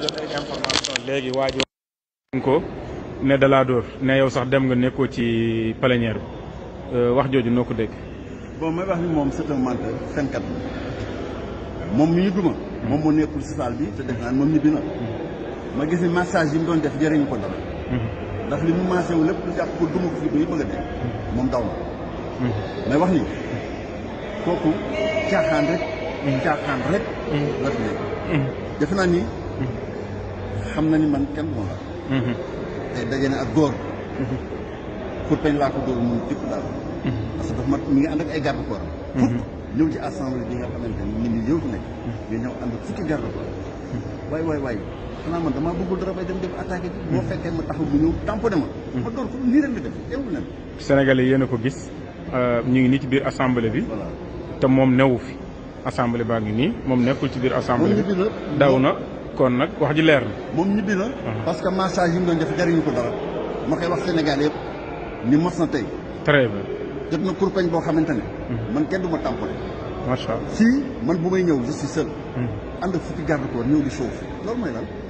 jot léegi waa ko ne dalaa dóor ne yow sax dem nga nekkoo ci plénière euh, wax jooju noo ko dégg bon may wax ni moom c'est moom mi ñu duma moom moo nekkul si salle bi te def naan moom ñu bina ma gis ni massage yi mu doon def jëriñu ko dara ndax li mu massé wu lépp jàpp ko duma ko fi ba bëgg a dee moom daw na mais wax ni kooku caaxaan rek caaxaan rek la mm-hmm. naa ni Mm-hmm. xam na ni man kenn moo la mm-hmm. tey daje na ak góor mm-hmm. pour peñ laa ko dóor mun jëpp daal parce que ma mi ngi ànd ak ay garde corps pour ñëw ci assemblée bi nga xamante ni nit ñi bëggul dara bay dem dem attaqué bi boo fekkee ma taxaw bu ñëw tamponné ma ma dóor ko nii rek la def teewul leen yéen a ko gis euh, ñu ngi nii ci biir assemblée bi te moom newu fi assemblée baa ngi nii moom nekkul ci biir assemblée bi daw na kon nag wax ji leer na. moom ñibbi na. parce que massage yi mu doon def jariñu ko dara. ma koy wax Sénégal yëpp ni mas na tey. très bien. jot na kurpeñ boo xamante ne. Mhm. man kenn du ma tàmpale. macha allah si man bu may ñëw je si seul. Mhm. ànd ak fukki garde corps ñëw di suuf loolu mooy lan.